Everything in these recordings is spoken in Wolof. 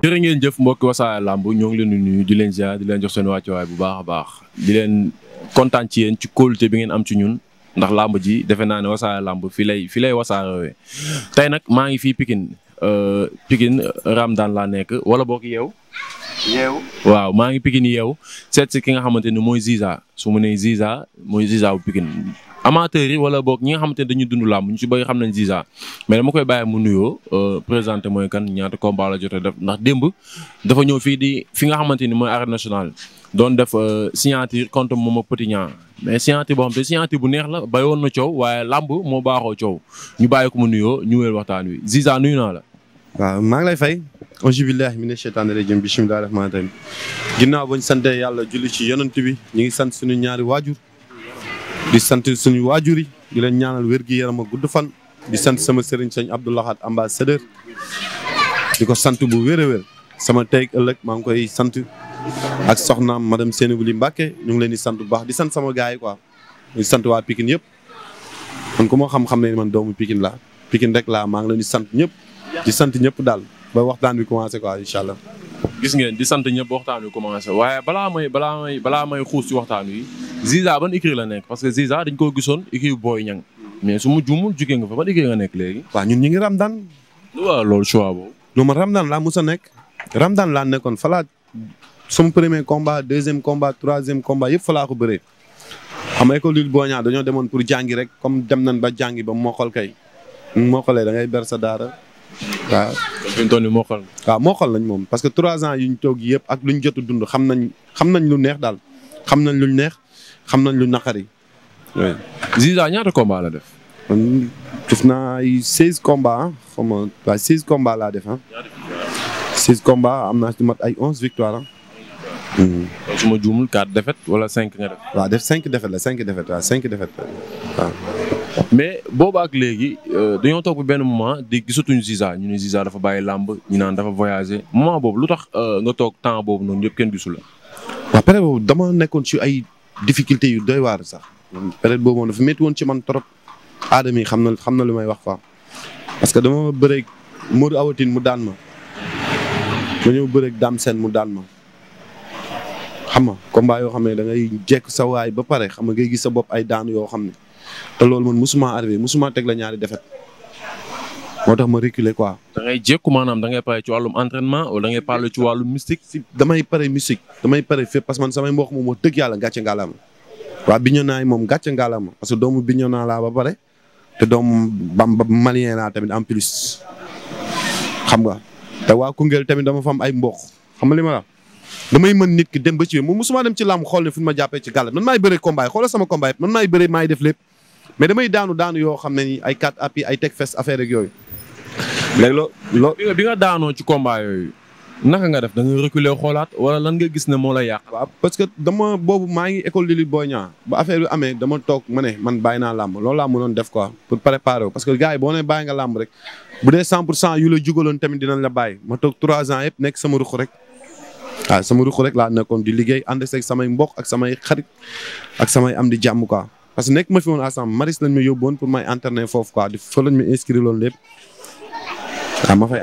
jërë ngeen jëf mbokki wasaare làmb ñoo ngi leen di nuyu di leen ziar di leen jox seen wàccuwaay bu baax a baax di leen kontaan ci yéen ci kóolute bi ngeen am ci ñun ndax làmb ji defe naa ne wasaare làmb fi lay fi lay wasaarewee tey nag maa ngi fii Pikine euh, Pikine daan laa nekk wala boog yeew yeew waaw maa ngi pikin yeew seet si ki nga xamante ni mooy Ziza su mu nee Ziza mooy Ziza bu pikin amateurs yi wala boog ñi nga xamante ne dañuy dund làmb ñu ci bëri xam nañ Ziza mais dama koy bàyyi mu nuyoo euh, présenté mooy kan ñaata combat la jotee def ndax démb dafa ñëw fii di fi nga xamante ni mooy arène nationale doon def euh, signature contre moom Petit Niang mais signature boo xam te signature bu neex la béyoon na coow waaye làmb moo baaxoo coow ñu bàyyi ko mu nuyoo ñu wéyal waxtaan wi Ziza nuyu naa la. waaw maa ngi lay fay. auzu billaahi mina sheytaani rajiim bismillaahi rahmaani rahiim ginnaaw ba ñu sant yàlla julli ci yonent bi ñu ngi sant suñu ñaari waajur di sant suñu waajur yi di leen ñaanal wér gi yaram a gudd fan di sant sama sëriñ sëñ Abdou amba ambassadeur di ko sant bu wér a sama tey ëllëg maa ngi koy sant ak soxnaam madame Seynabou Ly Mbacké ñu ngi leen di sant bu baax di sant sama gars yi quoi di sant waa pikin yëpp man ku ma xam-xam ne man doomu pikin la pikin rek laa maa ngi leen di sant ñëpp di sant ñëpp daal ba waxtaan bi commencé quoi incha allah. gis ngeen di sant ñëpp waxtaan wi commencé waaye balaa may balaa may balaa may xuus ci waxtaan wi Ziza ban écurie la nekk parce que Ziza dañ ko gisoon écurie Boy Niang mais su ma juumul jugee nga fa ban écurie nga nekk léegi. waaw ñun ñu ngi Ramdan. waaw loolu choix boobu. non man Ramdan laa mos a nekk. Ramdan laa nekkoon fa laa sama premier combat deuxième combat troisième combat yëpp fa laa ko bëree. xam nga école Boy Niang dañoo demoon pour jàngi rek comme dem nañ ba jàngi ba mokkal kay. mokkale da ngay ber sa daara. waaw. fi mu toll nii mokkal. moom parce que trois ans yuñ toog yëpp ak luñ jot a dund xam nañ xam nañ lu neex daal xam nañ luñ neex xam nañ lu naqari. oui Ziza ñaata combat la def. def naa ay seize combats xaw ma waaye seize combats laa def ah. am na ci mat ay onze victoire kon hmm. su ma juumul quatre défaites wala cinq nga def. def cinq défaites la cinq défaites waaw cinq défaites mais booba ak léegi euh, dañoo toog benn moment di gisatuñu gisa ñu ne Ziza dafa bàyyi làmb ñu naan dafa voyagé moment boobu lu tax euh, nga toog temps boobu noonu yëpp kenn gisu la. waaw pere boobu dama nekkoon ci ay difficulté yu doy waar sax période boobu moom dafa métti woon ci man trop aadama yi xam na xam na lu may wax fa parce que dama bëreeg Modou Awatine mu daan ma ma ñëw bëreeg Dame Sène mu daan ma. xam nga combat yoo xam ne da ngay jekk sa waay ba pare xam nga ngay gis sa bopp ay daan yoo xam ne. te loolu moon mosuma arrivé mosuma teg la ñaari defet moo tax ma reculer quoi. da ngay jékku maanaam da ngay pare ci wàllum entraînement wala da ngay parle ci wàllum mystique. si damay pare mystique pare fépp parce que man samay mbokk moom moo dëgg yàlla gàcce ngalaama waa Bignona yi moom gàcce ngalaama parce que doomu Bignona laa ba pare te doomu Bamba malien laa tamit en plus xam nga te waa Koungheul tamit dama fa am ay mbokk xam nga li ma la damay mën nit ki dem ba ci moom mosuma dem ci làmb xool ne fu ma jàppee ci gàllankoor man sama combat man maay bëree def lépp. mais damay daanu daanu yoo xam ne ni ay quatre appuis ay teg fes affaire yooyu. léegi loo loo bi nga daanoo ci combat yooyu. naka nga def da nga reculer xoolaat wala lan nga gis ne moo la yàq. waaw parce que dama boobu maa ngi école de lutte Boy Niang ba affaire bi amee dama toog ma ne man bàyyi naa lamb loolu laa mënoon def quoi pour préparer wu parce que gars yi boo nee bàyyi nga làmb rek bu dee 100 pour cent yu la jugaloon tamit dinañ la bàyyi ma toog 3 ans yëpp nekk sama ruq rek. waaw ah, sama ruq rek laa nekkoon di liggéey ànd seeg samay mbokk ak samay xarit ak samay am di jàmm parce que nekk ma fi woon ensemble maris lañ ma yóbboon pour may entraîner foofu quoi di fa lañ ma inscrire loolu lépp waaw ah, ma fay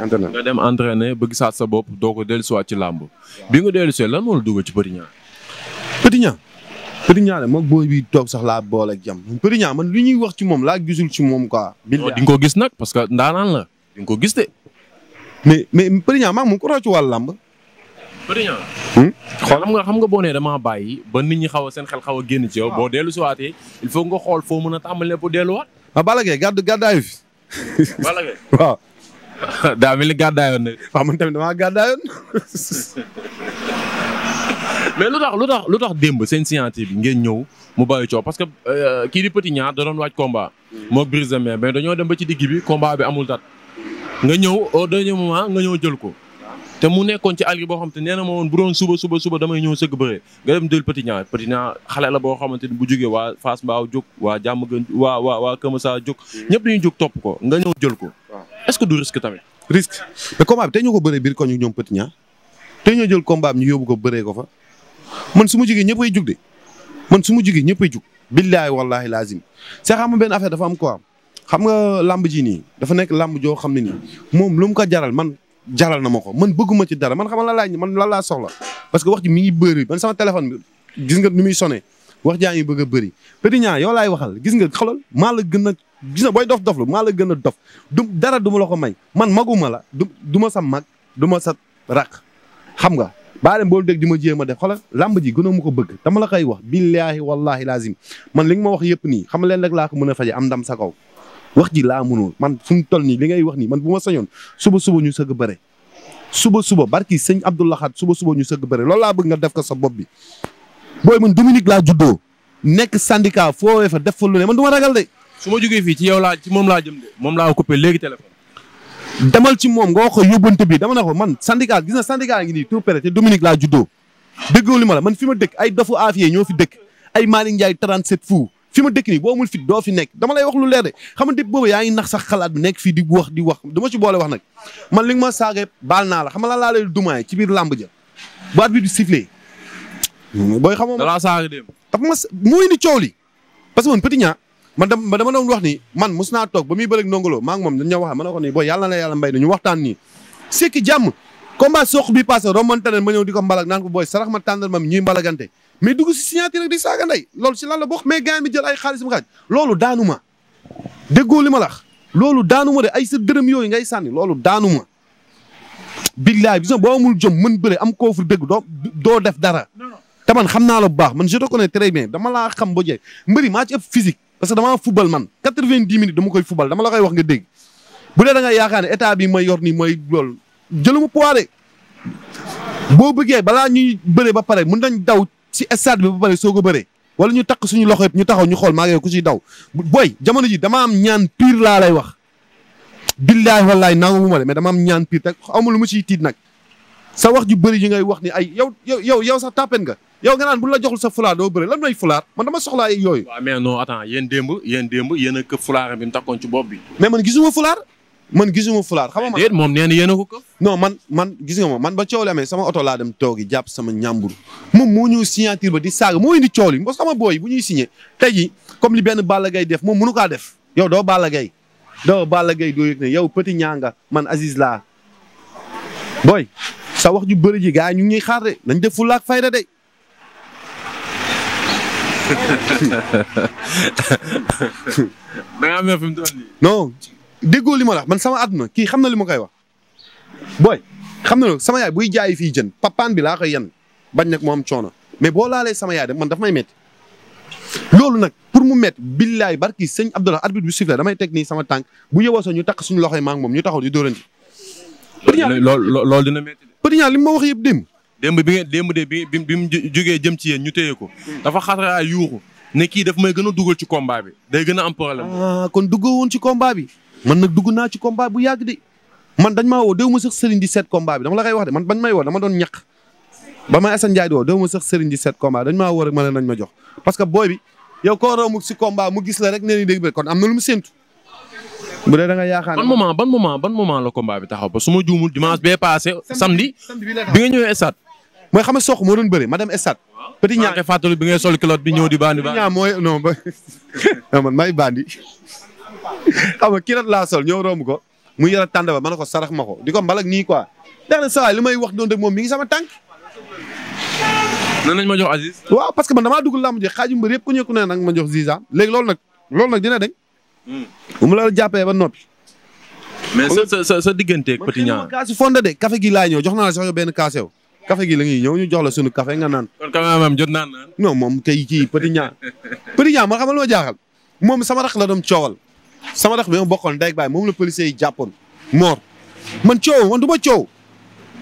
entraîner. ba gisaat sa bopp doo ko dellusiwaat ci làmb bi nga dellusee lan moo la dugal ci Petit Niang. Petit Niang Petit Niang de bi toog sax laa boole jam jàmm Petit ma man li ñuy wax ci moom laa gisul ci moom quoi. di nga ko gis nag parce que ndaanaan la di ko gis de. mais mais Petit Niang maa ngi ko ci wàllu làmb Petit Niang hmm? xool xam nga xam nga boo nee bàyyi ba nit ñi xaw a seen xel xaw a génn ci yow boo dellu si waatee il faut nga xool foo mën a tàmbali bu delluwaat waat ah, Balla Gaye gàdd gàddaayu fi Balla Gaye waaw daa mel ni damaa gàddaayoon mais lu tax lu tax lu tax démb seen scientifique bi ngeen ñëw mu bàyyi coow parce que euh, kii di Petit Niang da doon waaj combat hmm. moog Brise de mais dañoo dem ba ci digg bi combat bi amul tat nga ñëw au dernier moment nga ñëw jël ko te mu nekkoon ci àll boo xam te nee na ma woon bu doon suba suba suba damay ñëw sëgg bëree nga dem dël Petit Niang Petit Niang xale la boo xamante ni bu jógee waa jàmm gën waa waa waa Kër Massar jóg mm. ñëpp dañuy jóg topp ko nga ñëw jël ko est-ce que du risque tamit risque mais combat bi ko bëree biir ko ñu ñoom Petit Niang jël combat bi ko bëree ko fa man su ma jógee ñëpp ay jug de man su ma jógee ñëpp ay jug billaahi wallaahi laazim c'est xam nga benn affaire dafa am ko xam nga làmb ji nii dafa nekk làmb joo xam ne nii moom lu mu ko jaral man jaral na ma ko man bëgguma ci dara man xamal la laaj man lan laa soxla parce que wax ji mi ngi bëri man sama téléphone gis nga nu muy sonné wax jaa ngi bëgg a bëri Petit Niang yow laay waxal gis nga xoolal maa la gën a gis nga booy maa la gën a dof du dara du ma ko may man maguma la du du ma sa mag duma sa raq xam nga baa dem boolu dégg di ma jéem a def xoolal làmb ji gënoo ma ko bëgg dama la koy wax billaahi wallaahi laazim man li nga ma wax yëpp nii xam leen rek laa ko mën a faje am ndam sa kaw wax ji laa mënul man fu mu toll nii li ngay wax nii man bu ma sañoon suba suba ñu sëgg bëre suba suba barki sëñ Abdou Lahad suba suba ñu sëgg bëre loolu laa bëgg nga def ka sa bopp bi. booy man Dominique laa juddoo nekk syndicat foo fa def fa lu ne man du ma ragal de. su ma jógee fii ci yow laa ci moom laa jëm de moom laa coupé léegi téléphone. demal ci moom nga wax ko yóbbante bi dama ne ko man syndicat gis na syndicat ngi nii tout près te Dominique laa juddoo. déggoo li ma la man fi ma dëkk ay dofu afiye ñoo fi dëkk ay Malick Ndiaye 37 fou fi ma dëkk nii boo amul fit doo fi nekk dama lay wax lu leere de xam nga boobu yaa ngi nax sax xalaat bi nekk fii di wax di wax dama ci boole wax nag ma li ma saage baal naa la xam nga laa lay dumaay ci biir làmb ja baat bi du sifflé booy xamoo. dalaa saaga dem ma moo indi coow li parce que man Petit dama dama wax ni man mos naa toog ba muy bëreeg ndongolo maa ngi wax ma ne ko nii booy yàlla la yàlla mbay na ñu waxtaan nii. sekki jàmm combat soq bi passé rombante ne ma ñëw di ko mbalak ko booy sarax ma tàndal ma mi ñuy mbalagante mais dugg si signature rek di saaga loolu si lan la bokk mais gars mi jël ay xaalis mu xaaj loolu daanu ma déggoo li ma lax loolu daanu ma de ay sa dërëm yooyu ngay sànni loolu daanu ma. billaay bi boo amul jom mën bëre am koo fu dëgg doo def dara. te man xam naa la bu baax man je ko ne très bien dama laa xam ba jeex mbëri maa ci ëpp physique parce que damaa football man quatre-vingt-dix minutes dama koy football dama la koy wax nga dégg. bu dee danga nga yaakaar ne état bi may yor nii mooy loolu jëluma poids de boo bëggee balaa ñuy bëre ba pare mën nañ daw si stade bi ba pare soo ko bëree wala ñu takk suñu loxo ñu taxaw ñu xool maa ngi ku siy daw booy jamono ji dama am ñaan pire laa lay wax. billaay wallaay nangu mu ma de mais dama am ñaan pire te amul lu mu ci tiit nag sa wax ju bëri yi ngay wax ni ay yow yow yow sax tàppen nga. yow nga naan bu la joxul sa fulaar doo bëri lan mooy fulaar man dama soxlaa yooyu. waaw mais non attends yéen démb yéen démb yéen a këpp fulaar bi mu takkoon ci bopp bi. mais man gisuma fulaar man gisuma fulaar xam nga man déet moom nee na yéen ko ko. man man gis nga man ba coow li amee sama oto laa dem toogi jàpp sama ñàmbur moom moo ñu signature ba di saaga moo indi coow li parce que xam booy bu ñuy signé te ji comme li benn Balla Gaye def moom mënu kaa def. yow doo Balla Gaye doo Balla Gaye doo yëg ne yow petit ñaanga man Aziz laa booy sa wax ju bëri ji gars yi ñu ngi ñuy xaar de nañ def fulaak fayda de. non. déggoo li ma la man sama àdduna kii xam na li ma koy wax booy xam na sama yaay buy jaay fii jën papaan bi laa koy yan bañ nag moom coono mais boo laalee sama yaay man daf may métti loolu nag pour mu métti billaay barki sëñ Abdallah arbitre bi sifflé damay teg nii sama tànk bu yeboo sax ñu takk suñu loxoy maa ngi moom ñu taxaw di dóorandi. lool dina métti Petit Niang li ma wax yëpp dem démb bi ngeen démb de bi bi mu jógee jëm ci yéen ñu téye ko. dafa xasaraa yuuxu ne kii daf may gën a dugal ci combat bi. day gën a am problème. Ah, kon duggoo woon ci combat bi. man nag dugg naa ci combat bu yàgg de man dañ maa woo déw ma sax sëriñ di seet combat bi dama la koy wax de man bañ doon ñaq ba ma Assane Ndiaye di woo ma sax sëriñ di seet combat dañ maa woo rek ma ne nañ ma jox parce que booy bi yow koo romb si combat mu gis la rek nee nañ dégg kon am na lu mu séntu bu dee da nga yaakaar ban moment ban moment ban la combat bi taxaw ba su ma juumul dimanche bee passé samedi bi nga ñëwee stade mooy xam nga sox moo doon bëri ma dem stade petit ñaa fàttali bi ngay sol culotte bi ñëw di bandi bandi ñaa mooy non man may bandi xam nga kirat laa sol ñëw romb ko mu yore tànd ba ma ne ko sarax ma ko di ko mbalak nii quoi ndax na saa li may wax doon moom mi ngi sama tànk. na lañ ma jox Aziz. waaw parce que man damaa dugg la ji xaaju mbër yëpp ku ñëw ku ne nag ma jox Ziza léegi loolu nag dina deñ hmm. bu mu la jàppee ba noppi. mais sa sa sa digganteeg Petit Niang. man kaas fonde de gi laa ñëw jox naa la benn kaasew. café gi la ñuy ñëw ñu jox la suñu café nga naan. kon jot naan naan. non moom kay kii Petit Niang Petit Niang man xamal ma jaaxal moom sama rax la doon coowal sama rax bi ma bokkoon day ak baay moom la policiers yi jàppoon moor man coow man du ma coow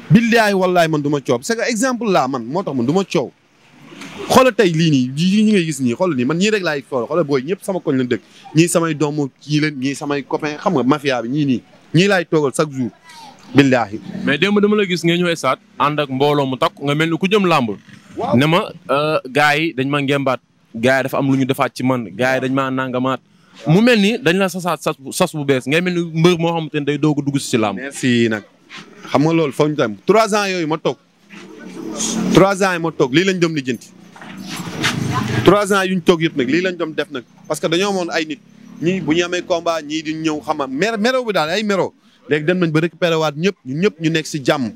billaay wallaay man du ma coow c'est que exemple laa man moo tax man duma ma coow xoolal tey lii nii yi ñi ngay gis nii xoolal nii man ñii rek laay xool xoolal booy ñëpp sama koñ la dëkk ñii samay doomu kii leen ñii samay copain xam nga mafia ñii nii ñii laay toogal chaque jour billahi mais démb dama la gis nga ñëw esaat ànd ak mbooloo mu takk nga mel ni ku jëm làmb ne ma euh, gars yi dañ ma ngembaat gars dafa am lu ñu defaat ci man gars yi dañ maa nangamaat mu mel ni dañ la sasaat sas sas bu bees ngay mel ni mbër moo xamante ne day doog a dugg si làmb. fii nag xam nga loolu foog ñu tam trois ans yooyu ma toog trois ans yi ma toog lii lañ doon lijjanti trois yu yuñ toog yëpp nag lii lañ doom def nag parce que dañoo moon ay nit ñii bu ñu amee ñi ñii di ñëw xam nga mer mero bi daal ay mero léegi dem nañ ba récupéré waat ñëpp ñu ñëpp ñu nekk si jàmm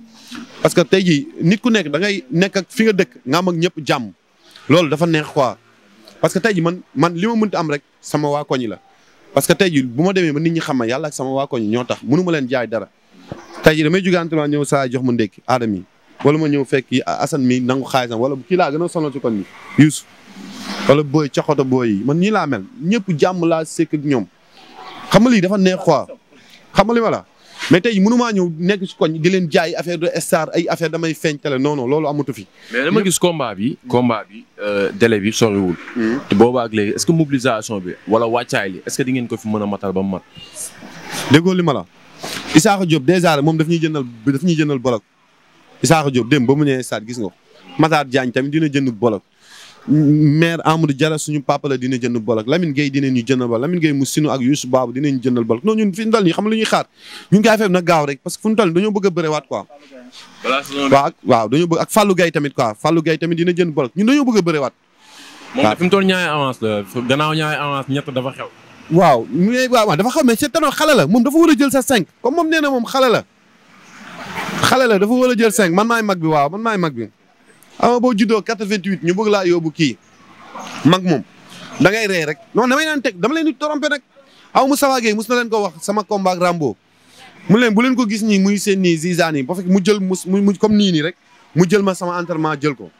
parce que tey jii nit ku nekk da ngay nekk ak fi nga dëkk nga am ak ñëpp jàmm loolu dafa neex quoi parce que tey ji man man li ma mënta am rek sama waa koñ la parce que tey ji bu ma demee ba nit ñi xam ma yàlla ak sama waa koñ ñoo tax mënu leen jaay dara tey ji damay jóge entraînement ñëw saa jox ma ndékki aadam yi wala ma ñëw fekk Assane mi nangu xaalisam wala kii laa gën a sonal ci kon bi Youssou wala booy coxoto booy yi man ñii laa mel ñëpp jàmm laa sekk ak ñoom xam nga lii dafa neex quoi xam nga li ma la mais tey mënumaa ñëw nekk si koñ di leen jaay affaire de star ay affaire damay feeñ tele non loolu amatu fi. mais dama gis combat bi. combat bi euh, délai bi soriwul. Hmm. te boobaa ak léegi est ce que mobilisation bi wala wàccaay li est que di ngeen ko fi mën a matal ba mu mat. déggoo li ma la Isaaxa Diop dèjà moom daf ñuy jëndal daf ñuy jëndal bolok Isaaxa Diop dem ba mu ñëwee stade gis nga ko Matar tamit dina jënd bolok maire Amadou Diarra suñu papa la dina jënd bolok Lamine Gueye dina ñu jëndal bolok Lamine Gueye mu sinu ak Youssou Babou dina ñu jëndal bolok non ñun fi ñu dal nii xam xaar ñun gaay feeb na gaaw rek parce que fu ñu dal dañoo bëgg a bërewaat quoi. waaw waaw dañoo bëgg ak Fallou Gueye tamit quoi Fallou Gueye tamit dina jënd bolok ñu dañoo bëgg a bërewaat. moom nag fi mu dafa xew. waaw mu ne waaw dafa xew mais c'est tellement xale la moom dafa war a jël sa cinq comme moom nee na moom xale la xale la dafa war a jël cinq man maay mag bi waaw man maay mag bi ama boo juddoo 88 ñu bëgg laa yóbbu kii mag moom da ngay rey rek non damay naan teg dama leen di trompé rek aw Moustapha Gueye mus na leen ko wax sama combat Rambo mu leen bu leen ko gis nii muy seen ni zizaan yi ba fekk mu jël mu comme nii nii rek mu jël ma sama entraînement jël ko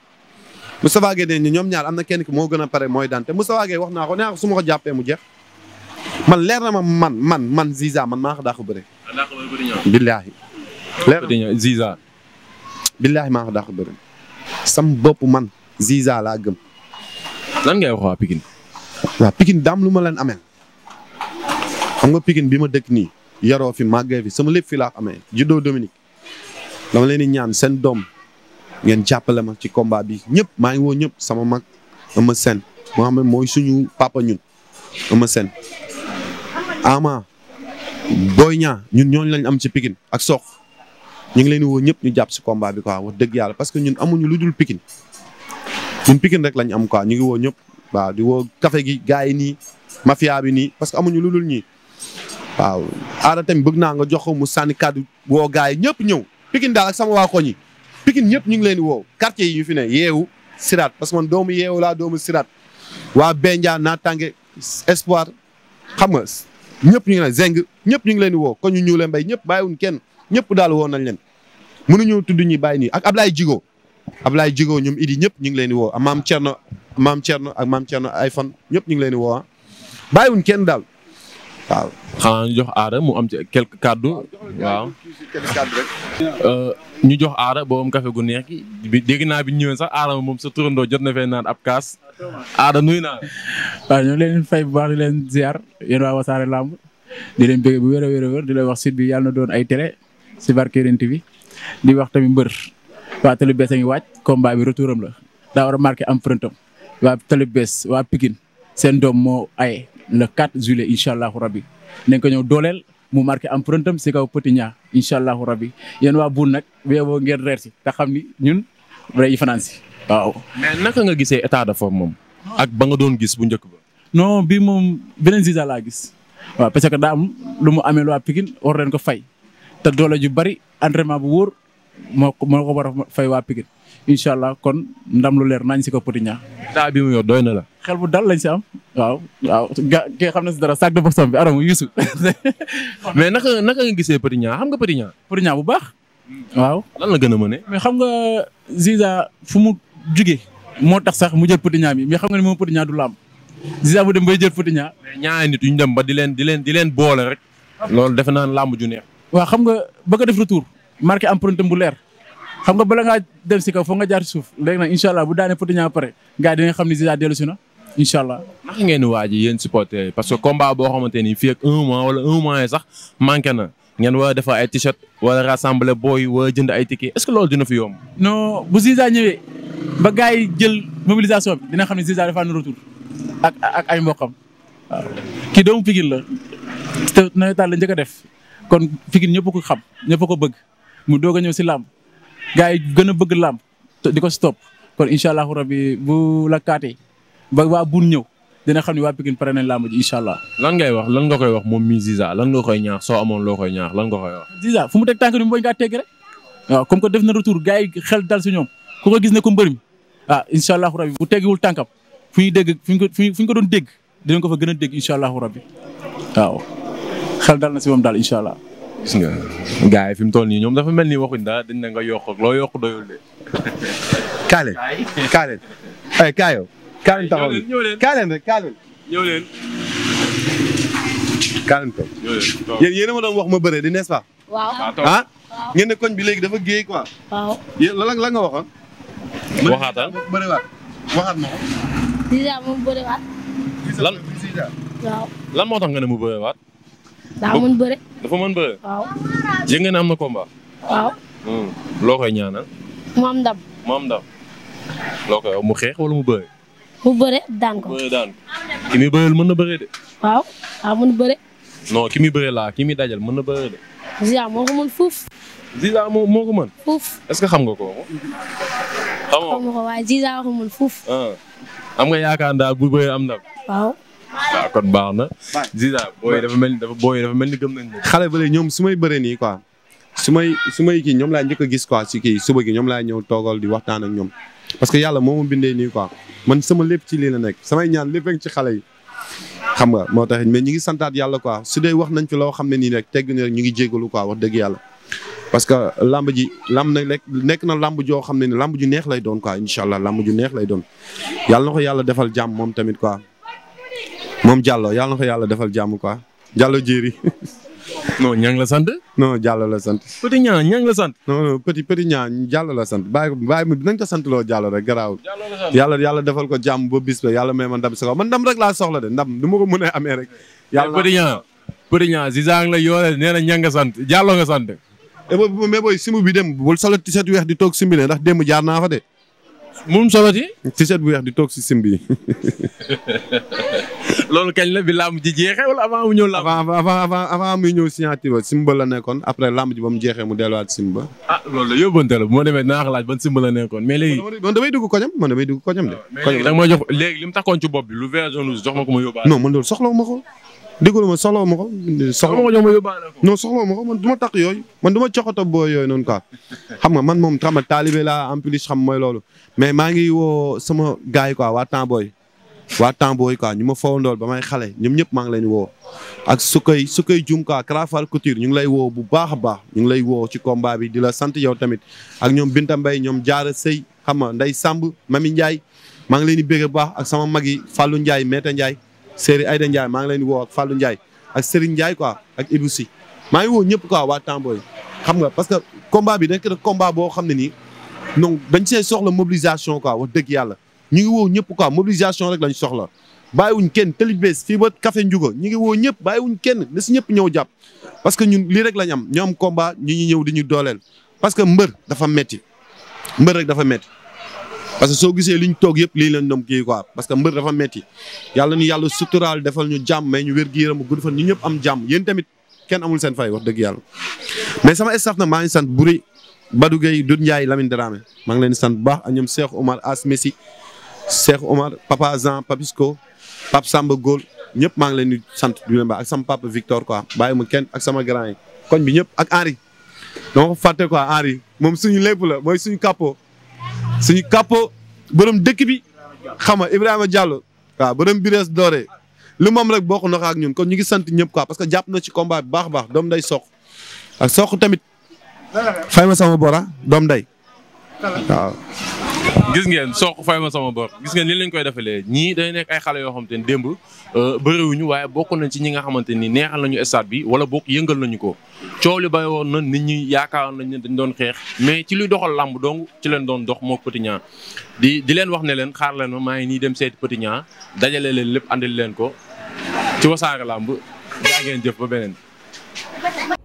Moustapha Gueye ne ñoom ñaar am na kenn ki moo gën a pare mooy daan te Moustapha Gueye wax naa ko nee naa ko su ma ko jàppee mu jeex man leer na ma man man man ziza man maa ko daa ko leer na ziza. billaahi maa daa ko sam boppu man Ziza laa gëm. lan ngay wax waa Pikine. waaw Pikine daam lu ma leen amee xam nga Pikine bi ma dëkk nii yaroo fi màggee fi sama lépp fi laa amee juddoo Dominique dama leen di ñaan seen doom ngeen jàppale ma ci combat bi ñëpp maa ngi woo ñëpp sama mag ama seen moo xam mooy suñu papa ñun Eumeu Sène Ama Boy Niang ñun ñooñu lañ am ci Pikine ak Sokh ñu ngi leen di woo ñëpp ñu jàpp si combat bi quoi dëgg yàlla parce que ñun amuñu lu dul pikin ñun pikin rek lañu am ko ñu ngi woo ñëpp waaw di woo café gi gars yi nii mafia bi parce que amuñu lu dul ñii waaw aada tamit bëgg naa nga jox ko mu sànni kàddu woo gars yi ñëpp ñëw pikin daal ak sama waa koñ yi pikin ñëpp ñu ngi leen di woo quartier yi ñu fi ne yeewu siraat parce que doomu yeewu laa doomu siraat waa benjaa naa xam nga ñëpp ñu ngi leen zeng ñëpp ñu ngi leen di woo ñu ñëw leen bay ñëpp bàyyiwuñ kenn ñëpp daal woo nañ leen mënuñoo tudd ñi bàyyi nii ak Ablaye Jigo Ablaye Jigo ñoom idi ñëpp ñu ngi leen di woo maam Thierno maam ak maam Thierno ay fan ñëpp ñu ngi leen di woo ah bàyyiwuñ kenn daal waaw. xanaa ñu jox aada mu am ci quelque kàddu. waaw euh, ñu jox aada boo am café gu neex bi dégg naa bi ñu ñëwee sax aada moom sa turandoo jot na fee naan ab kaas. aada nuy naa. waaw ñu leen fay bu baax di leen ziar yéen waa Wassare Lamb di leen bëgg bu wér a wér di leen wax site bi yàlla na doon ay télé. si barke Yonent bi di wax tamit mbër waa Tali Bees a ngi waaj combat bi retour la daa war a marqué empreinte am waa Tali Bees waa Pikine seen doom moo aye le 4 juillet incha allahu rabi nañ ko ñëw dooleel mu marqué empreinte am si kaw Petit ñaa incha allahu rabi yéen waa Boune nag boo ngeen reer si te xam ni ñun day fanaan si waaw. mais naka nga gisee état de moom. ak ba nga doon gis bu njëkk ba. non bii moom beneen Ziza laa gis waaw parce que daa lu mu amee waa Pikine war leen ko te doole ju bari entraînement bu wóor moo ko moo ko war fay waa Pikine incha allah kon ndam lu leer nañ si ko Petit ñaa daa bi mu yor na la. xel bu dal lañ si am. waaw waaw ga kii xam na si dara sac de boxe bi Adama Youssou. mais naka naka nga gisee Petit Niang xam nga Petit Niang. bu baax. waaw lan la gën a mënee. mais xam nga Ziza fu mu jugee. moo tax sax mu jël Petit Niang bi mais xam nga ne moom Petit ñaa du lamb Ziza bu dem bay jël Petit Niang. mais nit yu ñu dem ba di leen di leen di leen boole rek. loolu defe naa lamb ju neex. waaw xam nga bëgg a def retour marqué empreinte bu leer xam nga bala ngaa dem si kaw foog nga jaar suuf léegi na incha allah bu daanee poteau ñaa pare gars yi dinañ xam ni déjà dellu si na incha allah. naka ngeen di waaj yéen supporter yi parce que combat boo xamante ni fii ak un mois wala un mois sax manqué na ngeen war a defar ay t-shirt wala rassembler booy wala jënd ay ticket est ce que loolu dina fi yomb. non bu Ziza ñëwee ba gars yi jël mobilisation bi dina xam ne Ziza dafa am retour ak ak ay mboqam waaw la te nawetaan la njëkk def. kon Pikine ñëpp ko xam ñëpp ko bëgg mu doog a ñëw si làmb gars yi gën a bëgg làmb di ko stop kon incha allahu rabi bu la kaatee ba waa buun ñëw dina xam ne waa Pikine pare nañ làmb ji incha allah. lan ngay wax lan nga koy wax moom mi Ziza lan nga koy ñaax soo amoon loo koy ñaax lan nga koy wax. Ziza fu mu teg tànk ni mu bañ kaa que def na retour gars yi xel dal si ñoom ku ko gis ne ko mbër mi ah incha allahu rabi bu teggiwul tànkam fu ñuy dégg fu ñu ko fu ñu ko doon dégg dinañ ko fa gën a dégg incha allahu rabi waaw. xel dal na si moom daal incha fi mu tol nii ñoom dafa mel ni waxuñ daal dañ na nga yokk loo yokk doyul de. kaa eh, leen kaa leen ay kaa yow kaa leen taxaw kaa leen rek kaa ma doon wax ma bëre di n'est-ce waaw ah. koñ bi léegi dafa géey quoi. waaw yéen lan la nga waxoon. waxaataan bëriwaat ko. Ziza moom bëriwaat. lan lan daa mën bëre. dafa mën bëre. waaw. yëngu na am na combat. waaw. Hmm. loo koy ñaanal. mu am ndam. mu am ndam. loo koy mu xeex wala mu bëre. mu bëre daan ko. bëre daan ko. ki muy na bëre de. waaw daa laa ki muy dajal mën na bëre de. moo ko fuuf. Ziza moo moo est-ce que xam nga ko. xamoo ko waaye Ziza moo fuuf. Ah. am nga yaakaar daal bu bëre am ndam. waaw. waaw baax na. Ziza booy dafa mel ni dafa booy mel ni gëm nañu xale bële ñoom su may bëree nii quoi su may su may kii ñoom laa njëkk a gis quoi si kii suba gi ñoom laa ñëw toogal di waxtaan ak ñoom. parce que yàlla moom ma bindee nii quoi man sama lépp ci lii nekk samay ñaan lépp rek ci xale yi. xam nga moo tax mais ñu ngi santaat yàlla quoi su dee wax nañ fi loo xam ne nii rek tegg ni ñu ngi jégalu quoi wax dëgg yàlla. parce que lamb ji lamb na nekk na lamb joo xam ne ni lamb ju neex lay doon quoi incha allah lamb ju neex lay doon yàlla na ko yàlla defal jàmm moom tamit quoi moom Diallo yàlla na ko yàlla defal jàmm quoi Diallo jéeri. non ñang la sant. noo Diallo la sant. petit ñaa ñang la sant. non non petit petit ñaa Diallo la sant bàyyi mu dinañ ko sant loo jallo rek garaaw. yàlla yàlla defal ko jàmm ba bis ba yàlla may ma ndam si kaw man ndam rek laa soxla de ndam du ma ko mën a amee rek. yàlla petit ñaa petit ñaa Zizang la yoore nee na ñang nga sant Diallo nga sant. Eh, mais booy simu bi dem bul solo tiset weex di toog simbi ne ndax démb jaar naa fa de. mu soloti. tiset bu weex di toog si simbi. loolu kañ la bi làmb ji jeexee wala avant mu ñëw làmb. avant avant avant avant muy la nekkoon après làmb ji ba mu jeexee mu delluwaat simba. ah loolu la yóbbante la bu ma demee dinaa laaj ban simba la nekkoon mais léegi. man damay dugg koñam man damay dugg koñam de. koñam ah, da nga ma jox léegi mu takkoon ma ko ma yóbbaale. non man loolu takk yooyu. man du ma coxoto yooyu noonu quoi. xam nga man moom xam nga taalibe laa xam mooy loolu mais maa ngi woo sama gars yi quoi waa temps booy waa Tambooy quoi ñu ma fawandool ba may xale ñoom ñëpp maa ngi leen woo ak su koy su koy jum quoi Crafal Couture ñu ngi lay woo bu baax a baax ñu ngi lay woo ci combat bi di la sant yow tamit ak ñoom Binta mbay ñoom Jaara Sëy xam nga Ndey Sàmb Mami Ndiaye maa ngi leen di bégg bu baax ak sama mag yi Fallou Ndiaye Meta Ndiaye Séri Ayda Ndiaye maa ngi leen di woo ak fallu Ndiaye ak Serigne Ndiaye quoi ak Ibou Sy maa ngi woo ñëpp quoi waa Tambooy xam nga parce que combat bi nekk na combat boo xam ne nii donc dañ see soxla mobilisation quoi wax yàlla ñu ngi woo ñëpp quoi mobilisation rek lañ soxla bàyyiwuñ kenn tëli fii ba café Ndiouga ñu ngi woo ñëpp bàyyiwuñ kenn na si ñëpp ñëw jàpp parce que ñun lii rek lañ am ñoo am ñu ñu ñëw di ñu dooleel parce que mbër dafa metti mbër rek dafa metti parce que soo gisee liñ toog yëpp lii leen doom kii quoi parce que mbër dafa metti yàlla ñu yàlla suturaal defal ñu jàmm may ñu wér gi yaram gudd fan ñu ñëpp am jàmm yéen tamit kenn amul seen fay wax dëgg yàlla mais sama staff nag maa ngi sant buri ba Gueye Doudou Ndiaye Lamine Dramé maa ngi leen di sant bu baax ak ñoom Cheikh Omar As Messi Cheikh Omar papa Jean Papisco Pape Samba Gol ñëpp maa ngi leen di sant di leen ba ak sama papa Victor quoi bàyyi ma kenn ak sama grand yi koñ bi ñëpp ak Henri donc fàtte quoi Henri moom suñu lépp la mooy suñu capot suñu capot borom dëkk bi xam nga Ibrahima Diallo waaw borom Bires Doré lu moom rek bokk na ak ñun ko ñu ngi sant ñëpp quoi parce que jàpp na ci combat bi baax a baax doom nday soq ak soq tamit fay ma sama bora doom nday gis ngeen soq fay ma sama bor gis ngeen li lañ koy defalee ñii day nekk ay xale yoo xamante ni démb euh, bariwuñu waaye bokk nañ ci ñi nga xamante ni neexal nañu stade bi wala bokk yëngal nañu ko coow li bay woon na nit ñi yaakaaroon nañ ne dañ doon xeex mais ci luy doxal làmb dong ci leen doon dox moo Petit di di leen wax ne leen xaar leen ma maa ngi nii dem seeti Petit dajale leen lépp andil leen ko ci Wassare Làmb jaa ngeen jëf ba beneen